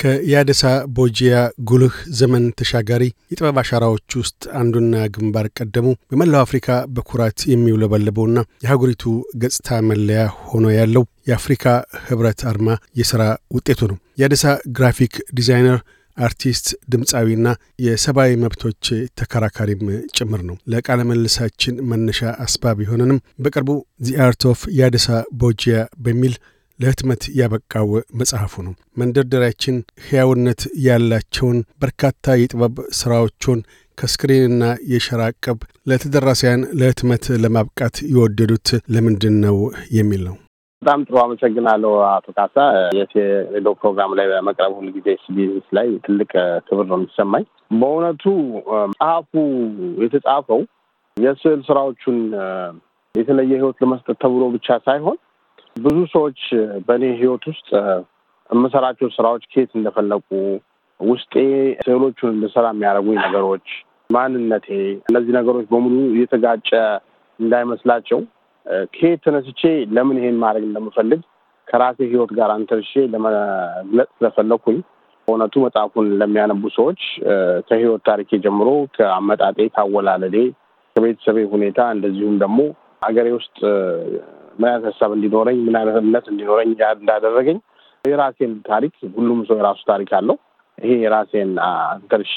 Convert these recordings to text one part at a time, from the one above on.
ከያደሳ ቦጂያ ጉልህ ዘመን ተሻጋሪ የጥበብ አሻራዎች ውስጥ አንዱና ግንባር ቀደሙ በመላው አፍሪካ በኩራት የሚውለበለበውና የሀገሪቱ ገጽታ መለያ ሆኖ ያለው የአፍሪካ ህብረት አርማ የሥራ ውጤቱ ነው። የአደሳ ግራፊክ ዲዛይነር አርቲስት ድምፃዊና የሰብአዊ መብቶች ተከራካሪም ጭምር ነው። ለቃለመልሳችን መነሻ አስባብ የሆነንም በቅርቡ ዚ ኦፍ ያደሳ ቦጂያ በሚል ለህትመት ያበቃው መጽሐፉ ነው። መንደርደሪያችን ሕያውነት ያላቸውን በርካታ የጥበብ ሥራዎቹን ከስክሪንና የሸራ ቅብ ለተደራሲያን ለህትመት ለማብቃት የወደዱት ለምንድን ነው የሚል ነው። በጣም ጥሩ አመሰግናለሁ አቶ ካሳ። የሬዲዮ ፕሮግራም ላይ በመቅረብ ሁል ጊዜ ላይ ትልቅ ክብር ነው የሚሰማኝ። በእውነቱ መጽሐፉ የተጻፈው የስዕል ስራዎቹን የተለየ ህይወት ለመስጠት ተብሎ ብቻ ሳይሆን ብዙ ሰዎች በእኔ ህይወት ውስጥ የምሰራቸው ስራዎች ከየት እንደፈለቁ ውስጤ ስዕሎቹን እንድሰራ የሚያደርጉኝ ነገሮች፣ ማንነቴ፣ እነዚህ ነገሮች በሙሉ እየተጋጨ እንዳይመስላቸው ከየት ተነስቼ ለምን ይሄን ማድረግ እንደምፈልግ ከራሴ ህይወት ጋር አንተርሼ ለመግለጽ ስለፈለኩኝ እውነቱ መጽሐፉን ለሚያነቡ ሰዎች ከህይወት ታሪኬ ጀምሮ ከአመጣጤ፣ ካወላለዴ፣ ከቤተሰቤ ሁኔታ እንደዚሁም ደግሞ ሀገሬ ውስጥ ምን አይነት ሀሳብ እንዲኖረኝ፣ ምን አይነት እምነት እንዲኖረኝ እንዳደረገኝ የራሴን ታሪክ ሁሉም ሰው የራሱ ታሪክ አለው። ይሄ የራሴን አንተርሼ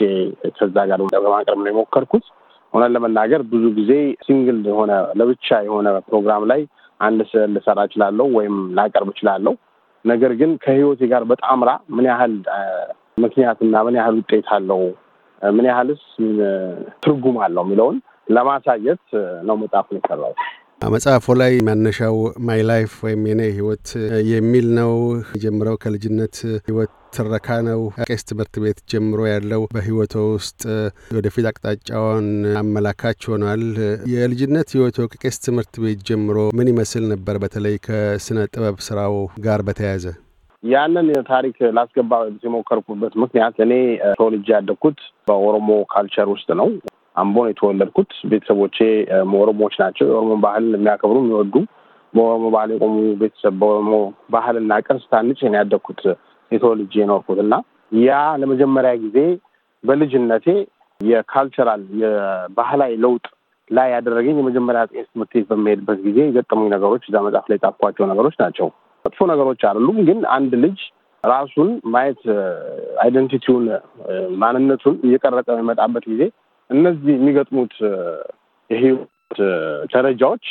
ከዛ ጋር ለማቅረብ ነው የሞከርኩት። ሆነን ለመናገር ብዙ ጊዜ ሲንግል የሆነ ለብቻ የሆነ ፕሮግራም ላይ አንድ ስዕል ልሰራ እችላለሁ ወይም ላቀርብ እችላለሁ። ነገር ግን ከህይወቴ ጋር በጣምራ ምን ያህል ምክንያትና ምን ያህል ውጤት አለው ምን ያህልስ ትርጉም አለው የሚለውን ለማሳየት ነው መጽሐፉን የሰራሁት። መጽሐፎ ላይ መነሻው ማይ ላይፍ ወይም የኔ ህይወት የሚል ነው። የጀምረው ከልጅነት ህይወት ትረካ ነው። ቄስ ትምህርት ቤት ጀምሮ ያለው በህይወቶ ውስጥ ወደፊት አቅጣጫውን አመላካች ሆኗል። የልጅነት ህይወቶ ከቄስ ትምህርት ቤት ጀምሮ ምን ይመስል ነበር? በተለይ ከስነ ጥበብ ስራው ጋር በተያያዘ ያንን ታሪክ ላስገባ የሞከርኩበት ምክንያት እኔ ተወልጄ ያደግኩት በኦሮሞ ካልቸር ውስጥ ነው። አምቦ ነው የተወለድኩት። ቤተሰቦቼ ኦሮሞዎች ናቸው። የኦሮሞ ባህል የሚያከብሩ የሚወዱ፣ በኦሮሞ ባህል የቆሙ ቤተሰብ በኦሮሞ ባህልና ቅርስ ታንጭ ነው ያደግኩት። የተወልጄ የኖርኩት እና ያ ለመጀመሪያ ጊዜ በልጅነቴ የካልቸራል የባህላዊ ለውጥ ላይ ያደረገኝ የመጀመሪያ ጤስ ትምህርት ቤት በሚሄድበት ጊዜ የገጠሙኝ ነገሮች እዛ መጽሐፍ ላይ የጻፍኳቸው ነገሮች ናቸው። መጥፎ ነገሮች አይደሉም፣ ግን አንድ ልጅ ራሱን ማየት አይደንቲቲውን ማንነቱን እየቀረጸ የሚመጣበት ጊዜ እነዚህ የሚገጥሙት የህይወት ደረጃዎች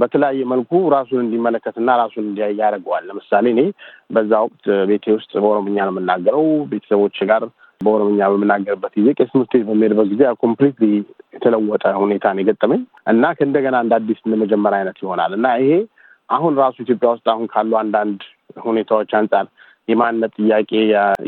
በተለያየ መልኩ ራሱን እንዲመለከትና ራሱን እንዲያይ ያደርገዋል። ለምሳሌ እኔ በዛ ወቅት ቤቴ ውስጥ በኦሮምኛ ነው የምናገረው። ቤተሰቦች ጋር በኦሮምኛ በምናገርበት ጊዜ ቄስ ትምህርት ቤት በሚሄድበት ጊዜ ኮምፕሊት የተለወጠ ሁኔታ ነው የገጠመኝ እና ከእንደገና እንደ አዲስ እንደመጀመሪያ አይነት ይሆናል እና ይሄ አሁን ራሱ ኢትዮጵያ ውስጥ አሁን ካሉ አንዳንድ ሁኔታዎች አንጻር የማንነት ጥያቄ፣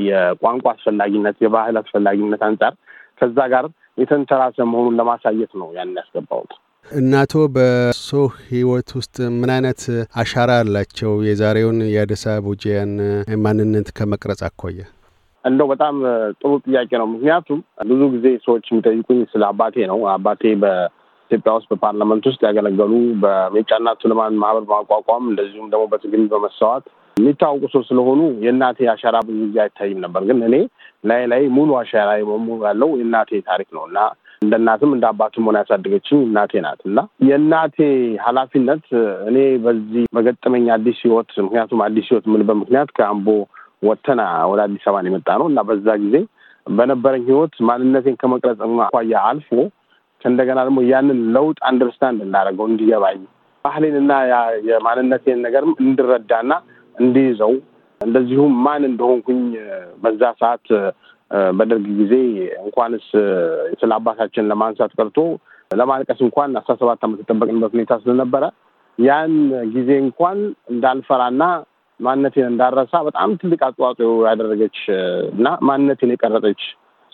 የቋንቋ አስፈላጊነት፣ የባህል አስፈላጊነት አንጻር ከዛ ጋር የተንተራሰ መሆኑን ለማሳየት ነው ያን ያስገባሁት። እናቶ በሶ ህይወት ውስጥ ምን አይነት አሻራ አላቸው? የዛሬውን የአዲስ አበቦጂያን ማንነት ከመቅረጽ አኳያ እንደው በጣም ጥሩ ጥያቄ ነው። ምክንያቱም ብዙ ጊዜ ሰዎች የሚጠይቁኝ ስለ አባቴ ነው። አባቴ በኢትዮጵያ ውስጥ በፓርላመንት ውስጥ ያገለገሉ፣ በሜጫና ቱለማን ማህበር በማቋቋም እንደዚሁም ደግሞ በትግል በመሰዋት የሚታወቁ ሰው ስለሆኑ የእናቴ አሻራ ብዙ ጊዜ አይታይም ነበር። ግን እኔ ላይ ላይ ሙሉ አሻራ በሙሉ ያለው የእናቴ ታሪክ ነው እና እንደ እናትም እንደ አባትም ሆነ ያሳደገችኝ እናቴ ናት እና የእናቴ ኃላፊነት እኔ በዚህ በገጠመኝ አዲስ ህይወት ምክንያቱም አዲስ ህይወት የምልበት ምክንያት ከአምቦ ወተና ወደ አዲስ አበባን የመጣ ነው እና በዛ ጊዜ በነበረኝ ህይወት ማንነቴን ከመቅረጽ አኳያ አልፎ ከእንደገና ደግሞ ያንን ለውጥ አንደርስታንድ እንዳደረገው እንዲገባኝ ባህሌንና የማንነቴን ነገርም እንድረዳና እንዲይዘው እንደዚሁም ማን እንደሆንኩኝ በዛ ሰዓት በደርግ ጊዜ እንኳንስ ስለ አባታችን ለማንሳት ቀርቶ ለማልቀስ እንኳን አስራ ሰባት ዓመት የጠበቅንበት ሁኔታ ስለነበረ ያን ጊዜ እንኳን እንዳልፈራና ማንነቴን እንዳረሳ በጣም ትልቅ አስተዋጽኦ ያደረገች እና ማንነቴን የቀረጠች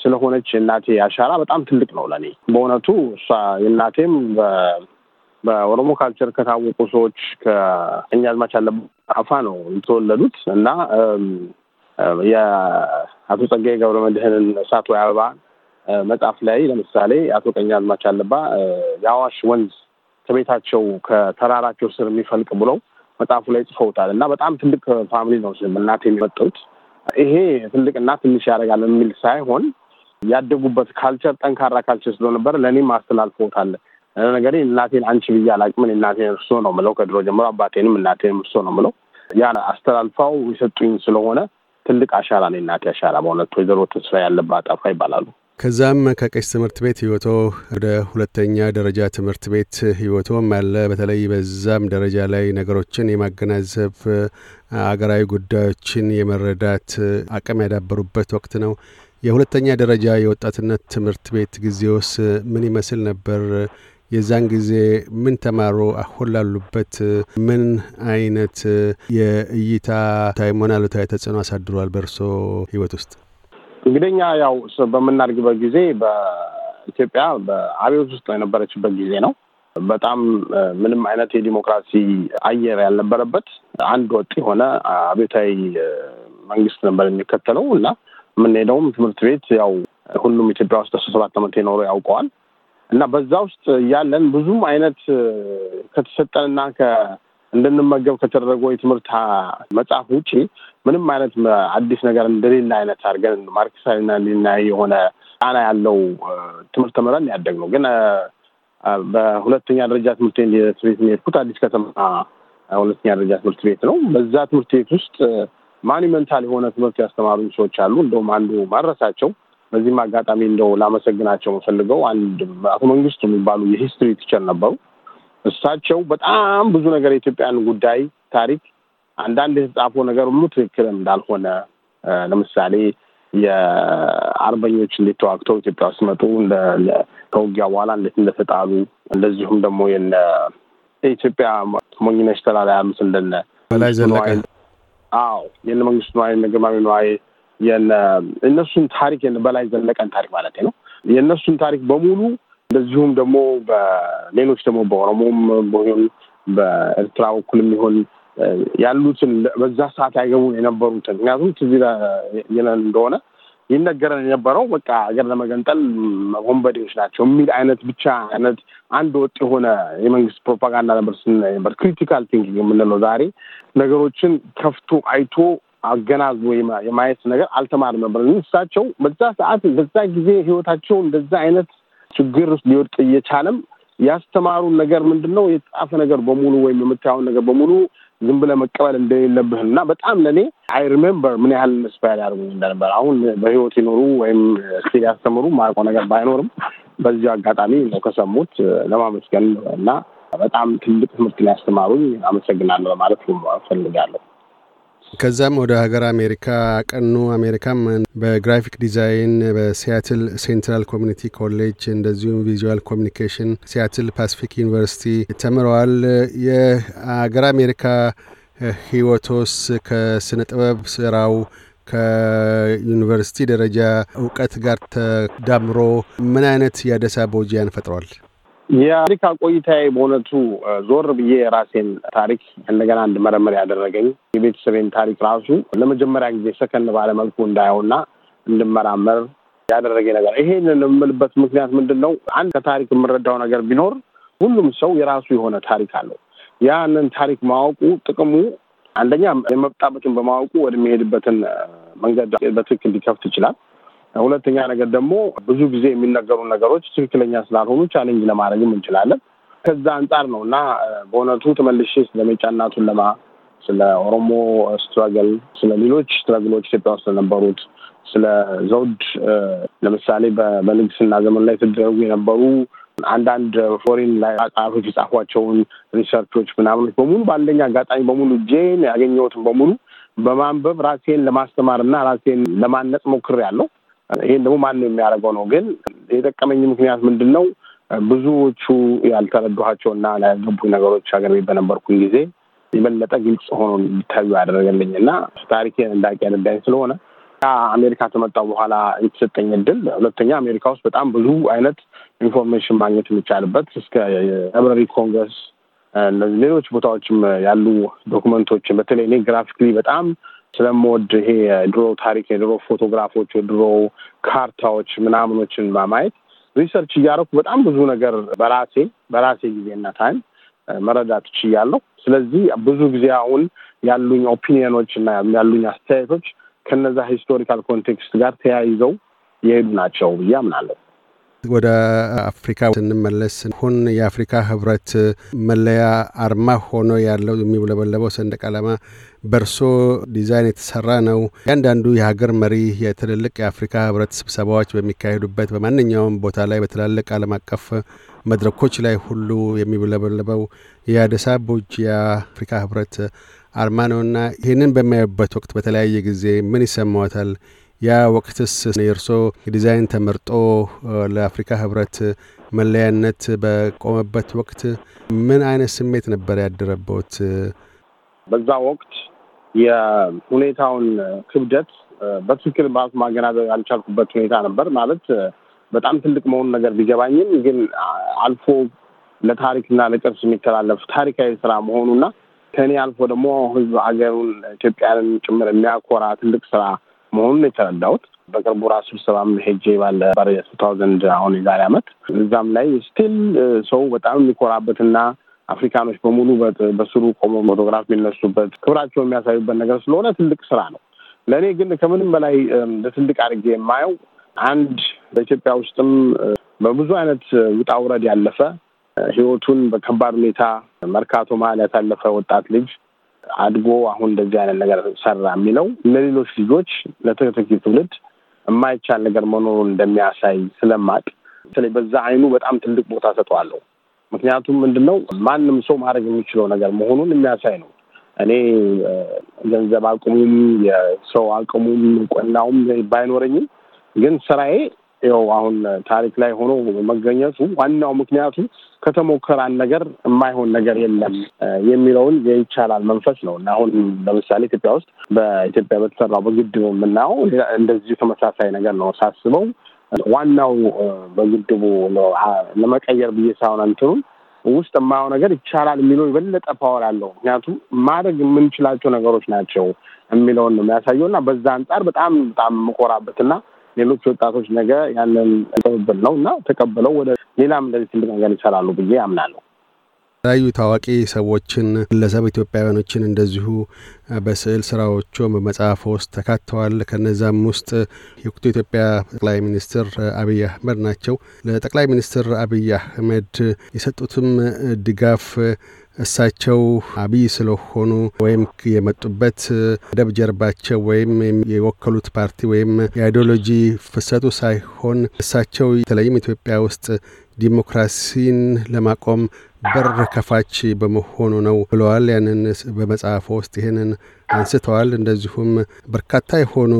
ስለሆነች የእናቴ አሻራ በጣም ትልቅ ነው ለእኔ በእውነቱ እሷ የእናቴም በኦሮሞ ካልቸር ከታወቁ ሰዎች አዝማች አለ አፋ ነው የተወለዱት እና የአቶ ጸጋዬ ገብረ መድህንን እሳት ወይ አበባ መጽሐፍ ላይ ለምሳሌ አቶ አዝማች አለባ የአዋሽ ወንዝ ከቤታቸው ከተራራቸው ስር የሚፈልቅ ብለው መጽሐፉ ላይ ጽፈውታል እና በጣም ትልቅ ፋሚሊ ነው እናት የሚመጡት። ይሄ ትልቅና ትንሽ ያደርጋል የሚል ሳይሆን ያደጉበት ካልቸር ጠንካራ ካልቸር ስለነበረ ለእኔም አስተላልፈውታል። ነገር እናቴን አንቺ ብዬ አላቅም። እናቴን እርሶ ነው ምለው ከድሮ ጀምሮ አባቴንም እናቴንም እርሶ ነው ምለው። ያ አስተላልፋው የሰጡኝ ስለሆነ ትልቅ አሻራ ነው እናቴ አሻራ በእውነት ወይዘሮ ተስፋ ያለባ አፋ ይባላሉ። ከዛም ከቀሽ ትምህርት ቤት ህይወቶ ወደ ሁለተኛ ደረጃ ትምህርት ቤት ህይወቶም አለ። በተለይ በዛም ደረጃ ላይ ነገሮችን የማገናዘብ አገራዊ ጉዳዮችን የመረዳት አቅም ያዳበሩበት ወቅት ነው። የሁለተኛ ደረጃ የወጣትነት ትምህርት ቤት ጊዜውስ ምን ይመስል ነበር? የዛን ጊዜ ምን ተማሩ? አሁን ላሉበት ምን አይነት የእይታ ታይሞና አሉታዊ ተጽዕኖ አሳድሯል በእርሶ ህይወት ውስጥ? እንግዲህ እኛ ያው በምናድግበት ጊዜ በኢትዮጵያ በአብዮት ውስጥ የነበረችበት ጊዜ ነው። በጣም ምንም አይነት የዲሞክራሲ አየር ያልነበረበት አንድ ወጥ የሆነ አብዮታዊ መንግስት ነበር የሚከተለው እና የምንሄደውም ትምህርት ቤት ያው ሁሉም ኢትዮጵያ ውስጥ አስራ ሰባት ዓመት የኖሩ ያውቀዋል እና በዛ ውስጥ ያለን ብዙም አይነት ከተሰጠንና እንድንመገብ ከተደረገ የትምህርት መጽሐፍ ውጪ ምንም አይነት አዲስ ነገር እንደሌለ አይነት አድርገን ማርክሳዊና ሊናዊ የሆነ ጣና ያለው ትምህርት ተምረን ያደግ ነው። ግን በሁለተኛ ደረጃ ትምህርት ቤት የሄድኩት አዲስ ከተማ ሁለተኛ ደረጃ ትምህርት ቤት ነው። በዛ ትምህርት ቤት ውስጥ ማኒመንታል የሆነ ትምህርት ያስተማሩ ሰዎች አሉ። እንደውም አንዱ ማድረሳቸው በዚህም አጋጣሚ እንደው ላመሰግናቸው የምፈልገው አንድ አቶ መንግስቱ የሚባሉ የሂስትሪ ቲቸር ነበሩ። እሳቸው በጣም ብዙ ነገር የኢትዮጵያን ጉዳይ ታሪክ አንዳንድ የተጻፈው ነገር ሁሉ ትክክል እንዳልሆነ ለምሳሌ የአርበኞች እንዴት ተዋግተው ኢትዮጵያ ውስጥ መጡ፣ ከውጊያ በኋላ እንዴት እንደተጣሉ፣ እንደዚሁም ደግሞ የኢትዮጵያ ሞኝነሽ ተላላ ያሉት እንደነ አዎ የነ መንግስቱ ነዋይ፣ እነ ነዋይ የነ እነሱን ታሪክ በላይ ዘለቀን ታሪክ ማለት ነው የእነሱን ታሪክ በሙሉ እንደዚሁም ደግሞ በሌሎች ደግሞ በኦሮሞም ሆን በኤርትራ በኩል የሚሆን ያሉትን በዛ ሰዓት ያገቡ የነበሩትን ምክንያቱም ትዚ ይለን እንደሆነ ይነገረን የነበረው በቃ ሀገር ለመገንጠል ወንበዴዎች ናቸው የሚል አይነት ብቻ አይነት አንድ ወጥ የሆነ የመንግስት ፕሮፓጋንዳ ነበር ስናይ ነበር። ክሪቲካል ቲንኪንግ የምንለው ዛሬ ነገሮችን ከፍቶ አይቶ አገናዝቦ የማየት ነገር አልተማር ነበር። እሳቸው በዛ ሰዓት በዛ ጊዜ ህይወታቸው እንደዛ አይነት ችግር ውስጥ ሊወድቅ እየቻለም ያስተማሩን ነገር ምንድን ነው? የተጻፈ ነገር በሙሉ ወይም የምታየውን ነገር በሙሉ ዝም ብለህ መቀበል እንደሌለብህ እና በጣም ለእኔ አይ ሪሜምበር ምን ያህል ስፓል ያደርጉኝ እንደነበር አሁን በህይወት ይኖሩ ወይም ስል ያስተምሩ ማርቆ ነገር ባይኖርም በዚሁ አጋጣሚ ነው ከሰሙት ለማመስገን እና በጣም ትልቅ ትምህርት ነው ያስተማሩኝ። አመሰግናለሁ በማለት ፈልጋለሁ። ከዛም ወደ ሀገር አሜሪካ ቀኑ። አሜሪካም በግራፊክ ዲዛይን በሲያትል ሴንትራል ኮሚኒቲ ኮሌጅ እንደዚሁም ቪዥዋል ኮሚኒኬሽን ሲያትል ፓስፊክ ዩኒቨርሲቲ ተምረዋል። የሀገር አሜሪካ ህይወቶስ ከስነ ጥበብ ስራው ከዩኒቨርሲቲ ደረጃ እውቀት ጋር ተዳምሮ ምን አይነት የአደሳ አበባ ፈጥሯል? የአሪካ ቆይታዬ በእውነቱ ዞር ብዬ የራሴን ታሪክ እንደገና እንድመረመር ያደረገኝ የቤተሰቤን ታሪክ ራሱ ለመጀመሪያ ጊዜ ሰከን ባለ መልኩ እንዳየውና እንድመራመር ያደረገኝ ነገር። ይሄን የምልበት ምክንያት ምንድን ነው? አንድ ከታሪክ የምረዳው ነገር ቢኖር ሁሉም ሰው የራሱ የሆነ ታሪክ አለው። ያንን ታሪክ ማወቁ ጥቅሙ አንደኛ የመጣበትን በማወቁ ወደሚሄድበትን መንገድ በትክክል ሊከፍት ይችላል። ሁለተኛ ነገር ደግሞ ብዙ ጊዜ የሚነገሩ ነገሮች ትክክለኛ ስላልሆኑ ቻሌንጅ ለማድረግም እንችላለን። ከዛ አንጻር ነው እና በእውነቱ ተመልሼ ስለ ሜጫ እናቱን ለማ፣ ስለ ኦሮሞ ስትረግል፣ ስለ ሌሎች ስትረግሎች ኢትዮጵያ ውስጥ ስለነበሩት ስለ ዘውድ ለምሳሌ በንግስና ዘመን ላይ ተደረጉ የነበሩ አንዳንድ ፎሬን ላይ ጸሐፎች የጻፏቸውን ሪሰርቾች ምናምኖች በሙሉ በአንደኛ አጋጣሚ በሙሉ እጄን ያገኘሁትን በሙሉ በማንበብ ራሴን ለማስተማር እና ራሴን ለማነጽ ሞክሬያለሁ። ይሄን ደግሞ ነው የሚያደርገው ነው። ግን የጠቀመኝ ምክንያት ምንድን ነው? ብዙዎቹ ያልተረዷቸውና ያልገቡኝ ነገሮች ሀገር ቤት በነበርኩኝ ጊዜ የበለጠ ግልጽ ሆኖ እንዲታዩ ያደረገልኝ እና ታሪኬን እንዳቂ ያደዳኝ ስለሆነ አሜሪካ ከመጣሁ በኋላ የተሰጠኝ እድል፣ ሁለተኛ አሜሪካ ውስጥ በጣም ብዙ አይነት ኢንፎርሜሽን ማግኘት የሚቻልበት እስከ ላይብረሪ ኮንግረስ፣ እነዚህ ሌሎች ቦታዎችም ያሉ ዶክመንቶችን በተለይ እኔ ግራፊክሊ በጣም ስለምወድ ይሄ የድሮ ታሪክ የድሮ ፎቶግራፎች የድሮ ካርታዎች ምናምኖችን በማየት ሪሰርች እያደረኩ በጣም ብዙ ነገር በራሴ በራሴ ጊዜና ታይም መረዳት ችያለሁ። ስለዚህ ብዙ ጊዜ አሁን ያሉኝ ኦፒኒዮኖች እና ያሉኝ አስተያየቶች ከነዛ ሂስቶሪካል ኮንቴክስት ጋር ተያይዘው የሄዱ ናቸው ብዬ አምናለሁ። ወደ አፍሪካ ስንመለስ አሁን የአፍሪካ ህብረት መለያ አርማ ሆኖ ያለው የሚውለበለበው ሰንደቅ ዓላማ በርሶ ዲዛይን የተሰራ ነው። እያንዳንዱ የሀገር መሪ የትልልቅ የአፍሪካ ህብረት ስብሰባዎች በሚካሄዱበት በማንኛውም ቦታ ላይ በትላልቅ ዓለም አቀፍ መድረኮች ላይ ሁሉ የሚውለበለበው የአዲስ አበቦች የአፍሪካ ህብረት አርማ ነውና ይህንን በሚያዩበት ወቅት በተለያየ ጊዜ ምን ይሰማዎታል? ያ ወቅትስ የእርሶ ዲዛይን ተመርጦ ለአፍሪካ ህብረት መለያነት በቆመበት ወቅት ምን አይነት ስሜት ነበር ያደረበት? በዛ ወቅት የሁኔታውን ክብደት በትክክል ባት ማገናዘብ ያልቻልኩበት ሁኔታ ነበር። ማለት በጣም ትልቅ መሆኑ ነገር ቢገባኝም ግን አልፎ ለታሪክና ለቅርስ የሚተላለፍ ታሪካዊ ስራ መሆኑና ከእኔ አልፎ ደግሞ ህዝብ ሀገሩን ኢትዮጵያንን ጭምር የሚያኮራ ትልቅ ስራ መሆኑን የተረዳሁት በቅርቡ ራሱ ስብሰባም ሄጄ ባለ ባ ቱ አሁን የዛሬ አመት እዛም ላይ ስቲል ሰው በጣም የሚኮራበትና አፍሪካኖች በሙሉ በስሩ ቆሞ ፎቶግራፍ የሚነሱበት ክብራቸው የሚያሳዩበት ነገር ስለሆነ ትልቅ ስራ ነው። ለእኔ ግን ከምንም በላይ ለትልቅ አድርጌ የማየው አንድ በኢትዮጵያ ውስጥም በብዙ አይነት ውጣ ውረድ ያለፈ ህይወቱን በከባድ ሁኔታ መርካቶ መሀል ያሳለፈ ወጣት ልጅ አድጎ አሁን እንደዚህ አይነት ነገር ሰራ የሚለው ለሌሎች ልጆች ለተተኪው ትውልድ የማይቻል ነገር መኖሩን እንደሚያሳይ ስለማቅ በተለይ በዛ አይኑ በጣም ትልቅ ቦታ ሰጠዋለሁ። ምክንያቱም ምንድነው ማንም ሰው ማድረግ የሚችለው ነገር መሆኑን የሚያሳይ ነው። እኔ ገንዘብ አቅሙም የሰው አቅሙም ቆናውም ባይኖረኝም ግን ስራዬ ይኸው አሁን ታሪክ ላይ ሆኖ መገኘቱ ዋናው ምክንያቱ ከተሞከራን ነገር የማይሆን ነገር የለም የሚለውን የይቻላል መንፈስ ነው እና አሁን ለምሳሌ ኢትዮጵያ ውስጥ በኢትዮጵያ በተሰራው በግድቡ የምናየው እንደዚሁ ተመሳሳይ ነገር ነው ሳስበው ዋናው በግድቡ ለመቀየር ብዬ ሳይሆን እንትኑን ውስጥ የማየው ነገር ይቻላል የሚለው የበለጠ ፓወር አለው። ምክንያቱም ማድረግ የምንችላቸው ነገሮች ናቸው የሚለውን ነው የሚያሳየው እና በዛ አንጻር በጣም በጣም የምኮራበትና ሌሎች ወጣቶች ነገ ያንን ትብብር ነው እና ተቀብለው ወደ ሌላም እንደዚህ ትልቅ ነገር ይሰራሉ ብዬ አምናለሁ። የተለያዩ ታዋቂ ሰዎችን ግለሰብ ኢትዮጵያውያኖችን እንደዚሁ በስዕል ስራዎቹ በመጽሐፍ ውስጥ ተካተዋል። ከነዛም ውስጥ የወቅቱ ኢትዮጵያ ጠቅላይ ሚኒስትር አብይ አህመድ ናቸው። ለጠቅላይ ሚኒስትር አብይ አህመድ የሰጡትም ድጋፍ እሳቸው አብይ ስለሆኑ ወይም የመጡበት ደብ ጀርባቸው ወይም የወከሉት ፓርቲ ወይም የአይዲዮሎጂ ፍሰቱ ሳይሆን እሳቸው በተለይም ኢትዮጵያ ውስጥ ዲሞክራሲን ለማቆም በር ከፋች በመሆኑ ነው ብለዋል። ያንን በመጽሐፎ ውስጥ ይህንን አንስተዋል። እንደዚሁም በርካታ የሆኑ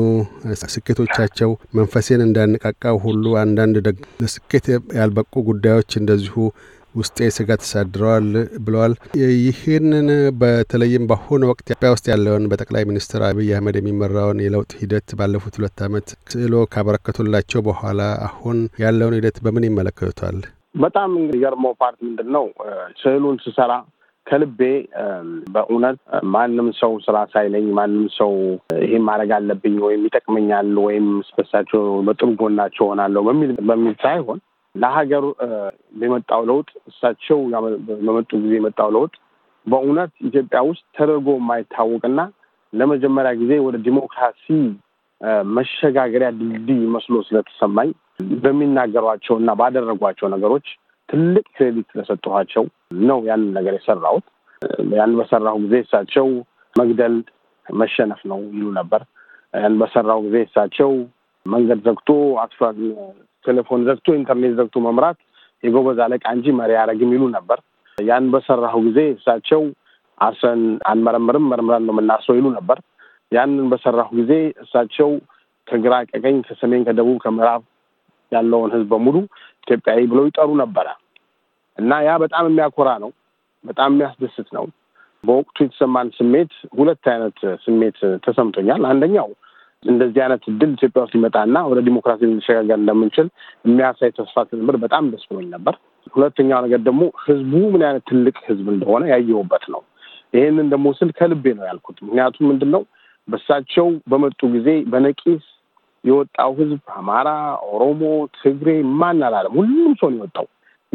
ስኬቶቻቸው መንፈሴን እንዳነቃቃው ሁሉ አንዳንድ ደግሞ ለስኬት ያልበቁ ጉዳዮች እንደዚሁ ውስጤ ስጋት ተሳድረዋል ብለዋል። ይህንን በተለይም በአሁኑ ወቅት ኢትዮጵያ ውስጥ ያለውን በጠቅላይ ሚኒስትር አብይ አህመድ የሚመራውን የለውጥ ሂደት ባለፉት ሁለት ዓመት ስዕሎ ካበረከቱላቸው በኋላ አሁን ያለውን ሂደት በምን ይመለከቱታል? በጣም የርሞ ፓርት ምንድን ነው? ስዕሉን ስሰራ ከልቤ በእውነት ማንም ሰው ስራ ሳይለኝ ማንም ሰው ይሄ ማድረግ አለብኝ ወይም ይጠቅመኛል ወይም ስበሳቸው በጥሩ ጎናቸው ሆናለሁ በሚል በሚል ሳይሆን ለሀገር የመጣው ለውጥ እሳቸው በመጡ ጊዜ የመጣው ለውጥ በእውነት ኢትዮጵያ ውስጥ ተደርጎ የማይታወቅና ለመጀመሪያ ጊዜ ወደ ዲሞክራሲ መሸጋገሪያ ድልድይ መስሎ ስለተሰማኝ በሚናገሯቸው እና ባደረጓቸው ነገሮች ትልቅ ክሬዲት ስለሰጠኋቸው ነው ያንን ነገር የሰራሁት። ያን በሰራሁ ጊዜ እሳቸው መግደል መሸነፍ ነው ይሉ ነበር። ያን በሰራሁ ጊዜ እሳቸው መንገድ ዘግቶ አስፋ ቴሌፎን ዘግቶ ኢንተርኔት ዘግቶ መምራት የጎበዝ አለቃ እንጂ መሪ አያደርግም ይሉ ነበር። ያን በሰራሁ ጊዜ እሳቸው አስረን አንመረምርም መርምረን ነው የምናስረው ይሉ ነበር። ያንን በሰራሁ ጊዜ እሳቸው ከግራ ከቀኝ፣ ከሰሜን፣ ከደቡብ፣ ከምዕራብ ያለውን ህዝብ በሙሉ ኢትዮጵያዊ ብለው ይጠሩ ነበረ እና ያ በጣም የሚያኮራ ነው። በጣም የሚያስደስት ነው። በወቅቱ የተሰማን ስሜት ሁለት አይነት ስሜት ተሰምቶኛል። አንደኛው እንደዚህ አይነት ድል ኢትዮጵያ ውስጥ ሊመጣና ወደ ዲሞክራሲ ሊሸጋገር እንደምንችል የሚያሳይ ተስፋ ትንብር በጣም ደስ ብሎኝ ነበር። ሁለተኛው ነገር ደግሞ ህዝቡ ምን አይነት ትልቅ ህዝብ እንደሆነ ያየውበት ነው። ይህንን ደግሞ ስል ከልቤ ነው ያልኩት። ምክንያቱም ምንድን ነው በሳቸው በመጡ ጊዜ በነቂስ የወጣው ህዝብ አማራ፣ ኦሮሞ፣ ትግሬ ማን አላለም፣ ሁሉም ሰው ነው የወጣው።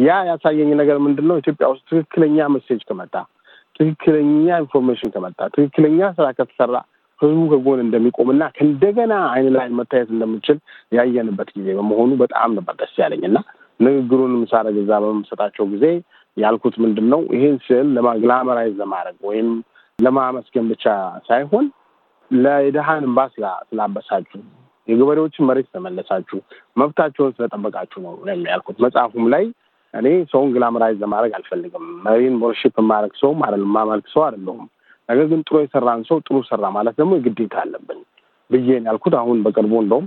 ያ ያሳየኝ ነገር ምንድን ነው ኢትዮጵያ ውስጥ ትክክለኛ መሴጅ ከመጣ፣ ትክክለኛ ኢንፎርሜሽን ከመጣ፣ ትክክለኛ ስራ ከተሰራ ህዝቡ ከጎን እንደሚቆምና ከእንደገና አይን ላይን መታየት እንደምችል ያየንበት ጊዜ በመሆኑ በጣም ነበር ደስ ያለኝ እና ንግግሩን ምሳረ ገዛ በመምሰጣቸው ጊዜ ያልኩት ምንድን ነው ይህን ስዕል ለማግላመራይዝ ለማድረግ ወይም ለማመስገን ብቻ ሳይሆን ለድሃን እንባ ስላበሳችሁ የገበሬዎችን መሬት ስለመለሳችሁ መብታቸውን ስለጠበቃችሁ ነው ያልኩት። መጽሐፉም ላይ እኔ ሰውን ግላመራይዝ ለማድረግ አልፈልግም። መሪን ወርሺፕ የማደርግ ሰውም አይደለም፣ የማመልክ ሰው አይደለሁም። ነገር ግን ጥሩ የሰራን ሰው ጥሩ ሰራ ማለት ደግሞ ግዴታ አለብን ብዬን ያልኩት አሁን በቅርቡ እንደውም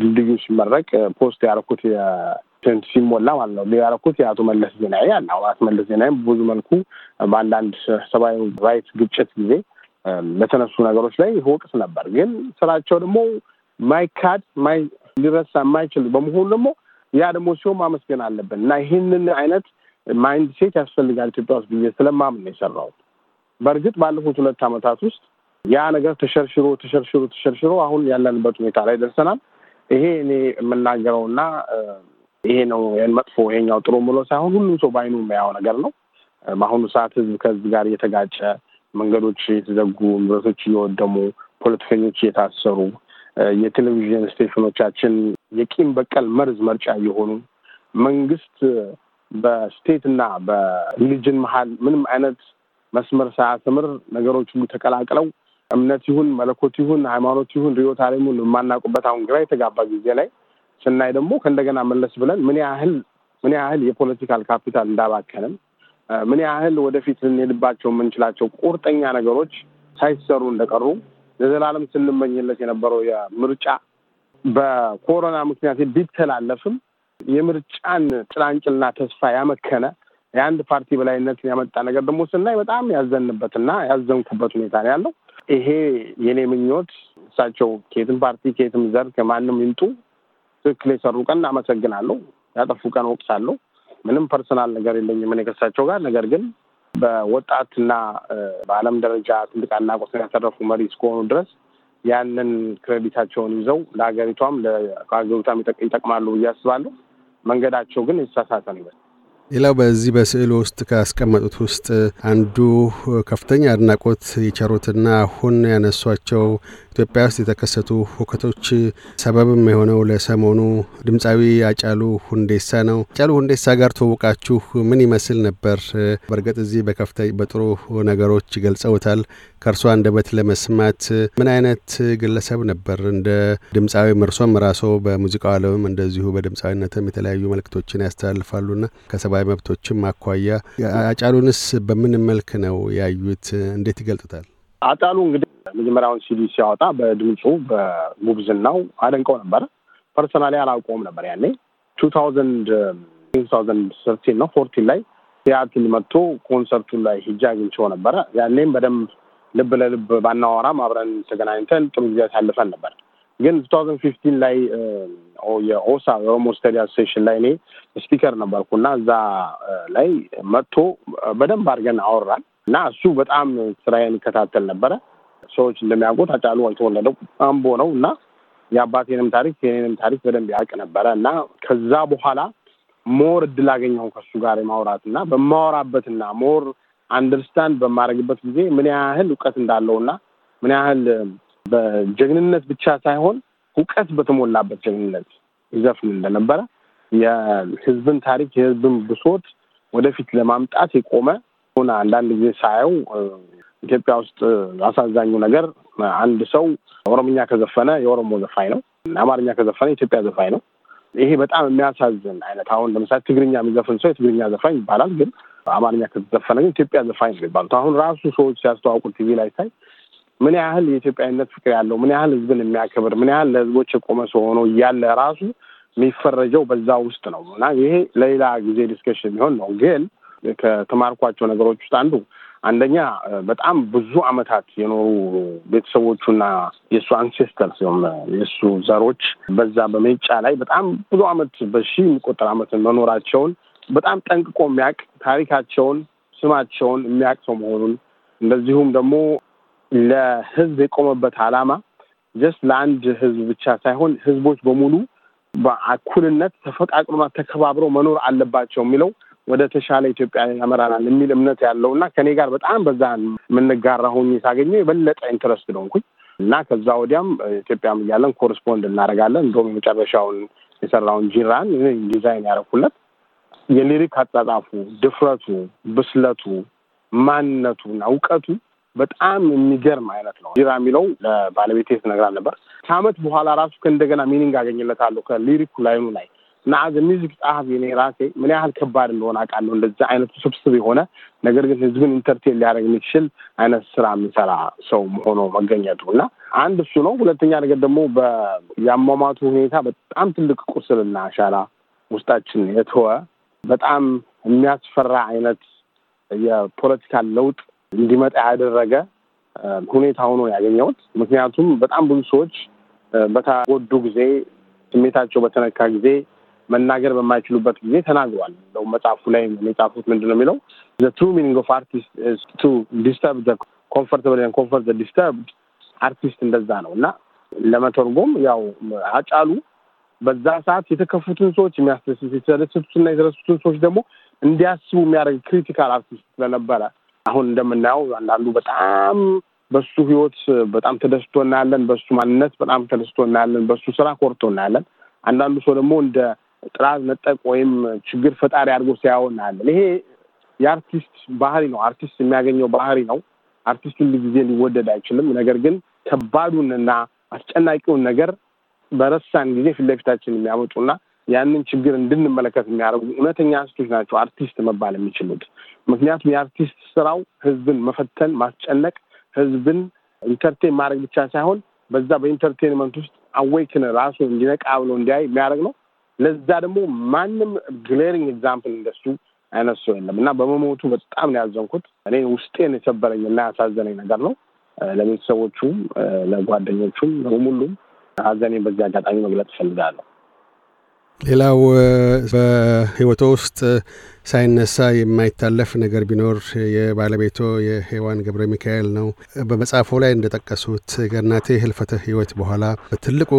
ድልድዩ ሲመረቅ ፖስት ያደረኩት ሲሞላ ማለት ነው ያደረኩት የአቶ መለስ ዜናዊ አለ። አሁን አቶ መለስ ዜናዊ ብዙ መልኩ በአንዳንድ ሰብአዊ ራይት ግጭት ጊዜ ለተነሱ ነገሮች ላይ ወቅስ ነበር። ግን ስራቸው ደግሞ ማይካድ ሊረሳ የማይችል በመሆኑ ደግሞ ያ ደግሞ ሲሆን ማመስገን አለብን እና ይህንን አይነት ማይንድ ሴት ያስፈልጋል ኢትዮጵያ ውስጥ ጊዜ ስለማምን የሰራው። በእርግጥ ባለፉት ሁለት ዓመታት ውስጥ ያ ነገር ተሸርሽሮ ተሸርሽሮ ተሸርሽሮ አሁን ያለንበት ሁኔታ ላይ ደርሰናል። ይሄ እኔ ና ይሄ ነው መጥፎ ይሄኛው ጥሩ ብሎ ሳይሆን ሁሉም ሰው በአይኑ የሚያየው ነገር ነው። በአሁኑ ሰዓት ህዝብ ከህዝብ ጋር እየተጋጨ መንገዶች የተዘጉ፣ ንብረቶች እየወደሙ፣ ፖለቲከኞች እየታሰሩ፣ የቴሌቪዥን ስቴሽኖቻችን የቂም በቀል መርዝ መርጫ እየሆኑ መንግስት በስቴት እና በሪሊጅን መሀል ምንም አይነት መስመር ሳያስተምር ነገሮች ሁሉ ተቀላቅለው እምነት ይሁን መለኮት ይሁን ሃይማኖት ይሁን ርዕዮተ ዓለሙን የማናውቅበት አሁን ግራ የተጋባ ጊዜ ላይ ስናይ ደግሞ ከእንደገና መለስ ብለን ምን ያህል ምን ያህል የፖለቲካል ካፒታል እንዳባከንም ምን ያህል ወደፊት ልንሄድባቸው የምንችላቸው ቁርጠኛ ነገሮች ሳይሰሩ እንደቀሩ ለዘላለም ስንመኝለት የነበረው የምርጫ በኮሮና ምክንያት ቢተላለፍም የምርጫን ጭላንጭልና ተስፋ ያመከነ የአንድ ፓርቲ በላይነት ያመጣ ነገር ደግሞ ስናይ በጣም ያዘንበትና ያዘንኩበት ሁኔታ ነው ያለው። ይሄ የኔ ምኞት እሳቸው ከየትም ፓርቲ ከየትም ዘር ከማንም ይምጡ ትክክል የሰሩ ቀን አመሰግናለሁ፣ ያጠፉ ቀን ወቅሳለሁ። ምንም ፐርሰናል ነገር የለኝም እኔ ከእሳቸው ጋር። ነገር ግን በወጣትና በዓለም ደረጃ ትልቅ አድናቆትን ያተረፉ መሪ እስከሆኑ ድረስ ያንን ክሬዲታቸውን ይዘው ለሀገሪቷም ለሀገሪቷም ይጠቅማሉ ብዬ አስባለሁ። መንገዳቸው ግን የተሳሳተ ነው ሌላው በዚህ በስዕል ውስጥ ካስቀመጡት ውስጥ አንዱ ከፍተኛ አድናቆት የቸሩትና አሁን ያነሷቸው ኢትዮጵያ ውስጥ የተከሰቱ ሁከቶች ሰበብም የሆነው ለሰሞኑ ድምፃዊ አጫሉ ሁንዴሳ ነው። አጫሉ ሁንዴሳ ጋር ትውውቃችሁ ምን ይመስል ነበር? በእርግጥ እዚህ በከፍተ በጥሩ ነገሮች ገልጸውታል። ከእርሷ አንደበት ለመስማት ምን አይነት ግለሰብ ነበር? እንደ ድምፃዊም እርሶም ራሶ በሙዚቃው ዓለምም እንደዚሁ በድምፃዊነትም የተለያዩ መልእክቶችን ያስተላልፋሉና ከሰብአዊ መብቶችም አኳያ አጫሉንስ በምን መልክ ነው ያዩት? እንዴት ይገልጡታል? አጣሉ እንግዲህ መጀመሪያውን ሲዲ ሲያወጣ በድምፁ በጉብዝናው አደንቀው ነበረ። ፐርሰናሊ አላውቀውም ነበር ያኔ ቱ ታውዘንድ ሰርቲን ነው ፎርቲን ላይ ሲያትል መጥቶ ኮንሰርቱን ላይ ሂጃ አግኝቼው ነበረ። ያኔም በደንብ ልብ ለልብ ባናወራም አብረን ተገናኝተን ጥሩ ጊዜ ያሳልፈን ነበር። ግን ቱ ታውዘንድ ፊፍቲን ላይ የኦሳ የኦሞ ስታዲ አሶሴሽን ላይ እኔ ስፒከር ነበርኩ እና እዛ ላይ መጥቶ በደንብ አድርገን አወራል። እና እሱ በጣም ስራዬን ይከታተል ነበረ። ሰዎች እንደሚያውቁት አጫሉ የተወለደው አምቦ ነው እና የአባቴንም ታሪክ የኔንም ታሪክ በደንብ ያውቅ ነበረ እና ከዛ በኋላ ሞር እድል አገኘሁ ከሱ ጋር የማውራት እና በማወራበትና ሞር አንደርስታንድ በማድረግበት ጊዜ ምን ያህል እውቀት እንዳለው እና ምን ያህል በጀግንነት ብቻ ሳይሆን እውቀት በተሞላበት ጀግንነት ይዘፍን እንደነበረ የህዝብን ታሪክ የህዝብን ብሶት ወደፊት ለማምጣት የቆመ ሁን አንዳንድ ጊዜ ሳየው ኢትዮጵያ ውስጥ አሳዛኙ ነገር አንድ ሰው ኦሮምኛ ከዘፈነ የኦሮሞ ዘፋኝ ነው፣ አማርኛ ከዘፈነ የኢትዮጵያ ዘፋኝ ነው። ይሄ በጣም የሚያሳዝን አይነት አሁን ለምሳሌ ትግርኛ የሚዘፍን ሰው የትግርኛ ዘፋኝ ይባላል፣ ግን አማርኛ ከተዘፈነ ግን ኢትዮጵያ ዘፋኝ ነው የሚባሉት። አሁን ራሱ ሰዎች ሲያስተዋውቁት ቲቪ ላይ ሳይ ምን ያህል የኢትዮጵያዊነት ፍቅር ያለው ምን ያህል ህዝብን የሚያከብር ምን ያህል ለህዝቦች የቆመ ሰው ሆኖ እያለ ራሱ የሚፈረጀው በዛ ውስጥ ነው እና ይሄ ለሌላ ጊዜ ዲስከሽን የሚሆን ነው ግን ከተማርኳቸው ነገሮች ውስጥ አንዱ አንደኛ በጣም ብዙ አመታት የኖሩ ቤተሰቦቹና የእሱ አንሴስተርስ የእሱ ዘሮች በዛ በሜጫ ላይ በጣም ብዙ ዓመት በሺ የሚቆጠር አመት መኖራቸውን በጣም ጠንቅቆ የሚያውቅ ታሪካቸውን፣ ስማቸውን የሚያውቅ ሰው መሆኑን እንደዚሁም ደግሞ ለህዝብ የቆመበት አላማ ጀስት ለአንድ ህዝብ ብቻ ሳይሆን ህዝቦች በሙሉ በእኩልነት ተፈቃቅሎና ተከባብረው መኖር አለባቸው የሚለው ወደ ተሻለ ኢትዮጵያ ያመራናል የሚል እምነት ያለው እና ከኔ ጋር በጣም በዛ የምንጋራ ሆኜ ሳገኘው የበለጠ ኢንትረስት ሆንኩኝ እና ከዛ ወዲያም ኢትዮጵያም እያለን ኮረስፖንድ እናደርጋለን። እንደውም የመጨረሻውን የሰራውን ጂራን ዲዛይን ያደረኩለት የሊሪክ አጻጻፉ፣ ድፍረቱ፣ ብስለቱ፣ ማንነቱ እና እውቀቱ በጣም የሚገርም አይነት ነው። ጂራ የሚለው ለባለቤቴ ነግራ ነበር። ከአመት በኋላ ራሱ ከእንደገና ሚኒንግ አገኝለታለሁ ከሊሪኩ ላይኑ ላይ መዓዝ ሚዚክ ጸሐፊ እኔ ራሴ ምን ያህል ከባድ እንደሆነ አውቃለሁ። እንደዛ አይነቱ ስብስብ የሆነ ነገር ግን ህዝብን ኢንተርቴን ሊያደርግ የሚችል አይነት ስራ የሚሰራ ሰው ሆኖ መገኘቱ እና አንድ እሱ ነው። ሁለተኛ ነገር ደግሞ የአሟሟቱ ሁኔታ በጣም ትልቅ ቁስልና አሻራ ውስጣችን የተወ በጣም የሚያስፈራ አይነት የፖለቲካ ለውጥ እንዲመጣ ያደረገ ሁኔታ ሆኖ ያገኘሁት። ምክንያቱም በጣም ብዙ ሰዎች በተጎዱ ጊዜ፣ ስሜታቸው በተነካ ጊዜ መናገር በማይችሉበት ጊዜ ተናግሯል። ው መጽሐፉ ላይ የጻፉት ምንድን ነው የሚለው ዘ ትሩ ሚኒንግ ኦፍ አርቲስት ቱ ዲስተርብ ዘ ዘ ዲስተርብድ አርቲስት እንደዛ ነው እና ለመተርጎም ያው አጫሉ በዛ ሰዓት የተከፉትን ሰዎች የሚያስደስት የተደሰቱትና የተረሱትን ሰዎች ደግሞ እንዲያስቡ የሚያደርግ ክሪቲካል አርቲስት ስለነበረ አሁን እንደምናየው አንዳንዱ በጣም በሱ ህይወት በጣም ተደስቶ እናያለን። በሱ ማንነት በጣም ተደስቶ እናያለን። በሱ ስራ ኮርቶ እናያለን። አንዳንዱ ሰው ደግሞ እንደ ጥራት ነጠቅ ወይም ችግር ፈጣሪ አድርጎ ሲያወናለን። ይሄ የአርቲስት ባህሪ ነው። አርቲስት የሚያገኘው ባህሪ ነው። አርቲስት ሁሉ ጊዜ ሊወደድ አይችልም። ነገር ግን ከባዱንና አስጨናቂውን ነገር በረሳን ጊዜ ፊት ለፊታችን የሚያመጡና ያንን ችግር እንድንመለከት የሚያደርጉ እውነተኛ አንስቶች ናቸው አርቲስት መባል የሚችሉት። ምክንያቱም የአርቲስት ስራው ህዝብን መፈተን፣ ማስጨነቅ፣ ህዝብን ኢንተርቴን ማድረግ ብቻ ሳይሆን በዛ በኢንተርቴንመንት ውስጥ አዌክን ራሱ እንዲነቃ ብሎ እንዲያይ የሚያደርግ ነው። ለዛ ደግሞ ማንም ግሌሪንግ ኤግዛምፕል እንደሱ አይነት ሰው የለም እና በመሞቱ በጣም ነው ያዘንኩት። እኔ ውስጤን የሰበረኝ እና ያሳዘነኝ ነገር ነው። ለቤተሰቦቹም፣ ለጓደኞቹም፣ ለሁሉም ሀዘኔን በዚህ አጋጣሚ መግለጽ እፈልጋለሁ። ሌላው በህይወቶ ውስጥ ሳይነሳ የማይታለፍ ነገር ቢኖር የባለቤቶ የሔዋን ገብረ ሚካኤል ነው። በመጽሐፎ ላይ እንደጠቀሱት ገናቴ ህልፈተ ህይወት በኋላ በትልቁ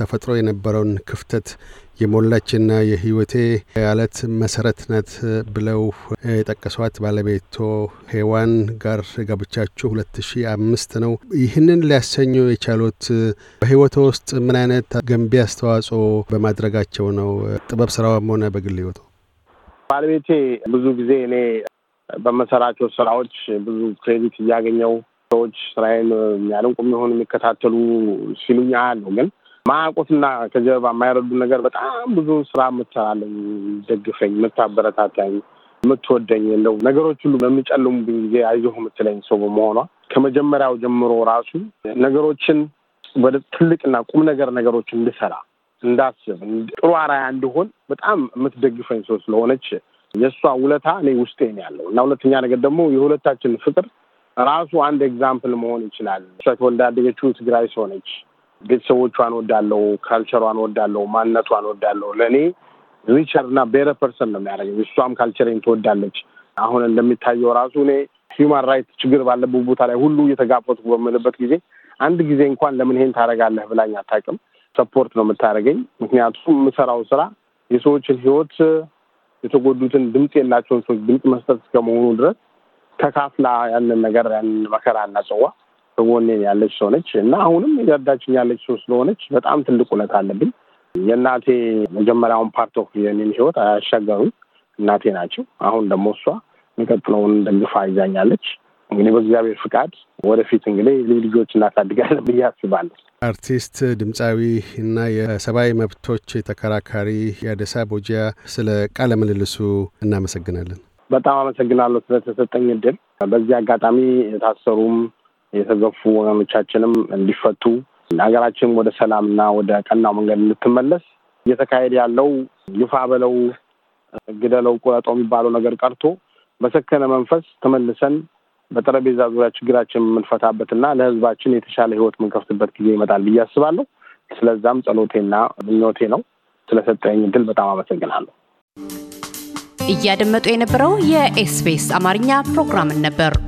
ተፈጥሮ የነበረውን ክፍተት የሞላችና የህይወቴ አለት መሰረት ናት ብለው የጠቀሷት ባለቤቶ ሄዋን ጋር ጋብቻችሁ ሁለት ሺ አምስት ነው። ይህንን ሊያሰኙ የቻሉት በህይወቶ ውስጥ ምን አይነት ገንቢ አስተዋጽኦ በማድረጋቸው ነው? ጥበብ ስራዋም ሆነ በግል ህይወቶ ባለቤቴ ብዙ ጊዜ እኔ በመሰራቸው ስራዎች ብዙ ክሬዲት እያገኘው ሰዎች ስራዬን የሚያደንቁ የሚሆን የሚከታተሉ ሲሉኝ አያለው ግን ማያውቁትና ከጀርባ የማይረዱ ነገር በጣም ብዙ ስራ የምትሰራለኝ፣ ደግፈኝ፣ የምታበረታታኝ፣ የምትወደኝ እንደው ነገሮች ሁሉ በሚጨልሙብኝ ጊዜ አይዞህ የምትለኝ ሰው በመሆኗ ከመጀመሪያው ጀምሮ ራሱ ነገሮችን ወደ ትልቅና ቁም ነገር ነገሮች እንድሰራ እንዳስብ፣ ጥሩ አራያ እንድሆን በጣም የምትደግፈኝ ሰው ስለሆነች የእሷ ውለታ እኔ ውስጤ ነው ያለው እና ሁለተኛ ነገር ደግሞ የሁለታችን ፍቅር ራሱ አንድ ኤግዛምፕል መሆን ይችላል። እሷ ተወልዳ ያደገችው ትግራይ ሰው ነች። ቤተሰቦቿን ወዳለው፣ ካልቸሯን ወዳለው፣ ማንነቷን ወዳለው። ለእኔ ሪቸር እና ቤረ ፐርሰን ነው የሚያደርገኝ። እሷም ካልቸሬን ትወዳለች። አሁን እንደሚታየው ራሱ እኔ ሂውማን ራይት ችግር ባለበት ቦታ ላይ ሁሉ እየተጋፈጥኩ በምልበት ጊዜ አንድ ጊዜ እንኳን ለምን ይሄን ታደርጋለህ ብላኝ አታውቅም። ሰፖርት ነው የምታደርገኝ። ምክንያቱም የምሰራው ስራ የሰዎችን ህይወት የተጎዱትን ድምፅ የላቸውን ሰዎች ድምፅ መስጠት እስከመሆኑ ድረስ ተካፍላ ያንን ነገር ያንን መከራ እና ጽዋ በጎኔ ያለች ሰው ነች እና አሁንም የረዳችኝ ያለች ሰው ስለሆነች በጣም ትልቅ ውለት አለብኝ። የእናቴ መጀመሪያውን ፓርት ኦፍ የኔን ህይወት አያሻገሩኝ እናቴ ናቸው። አሁን ደግሞ እሷ የሚቀጥለውን ደግፋ ይዛኛለች። እንግዲህ በእግዚአብሔር ፍቃድ ወደፊት እንግዲህ ልጅ ልጆች እናሳድጋለን ብዬ አስባለሁ። አርቲስት ድምፃዊ እና የሰብአዊ መብቶች ተከራካሪ የአደሳ ቦጂያ ስለ ቃለ ምልልሱ እናመሰግናለን። በጣም አመሰግናለሁ ስለተሰጠኝ እድል። በዚህ አጋጣሚ የታሰሩም የተገፉ ወገኖቻችንም እንዲፈቱ ሀገራችን ወደ ሰላምና ወደ ቀናው መንገድ እንድትመለስ እየተካሄደ ያለው ይፋ በለው ግደለው፣ ቁረጠው የሚባለው ነገር ቀርቶ በሰከነ መንፈስ ተመልሰን በጠረጴዛ ዙሪያ ችግራችን የምንፈታበትና ለህዝባችን የተሻለ ህይወት የምንከፍትበት ጊዜ ይመጣል ብዬ አስባለሁ። ስለዛም ጸሎቴና ምኞቴ ነው። ስለሰጠኝ እድል በጣም አመሰግናለሁ። እያደመጡ የነበረው የኤስቢኤስ አማርኛ ፕሮግራምን ነበር።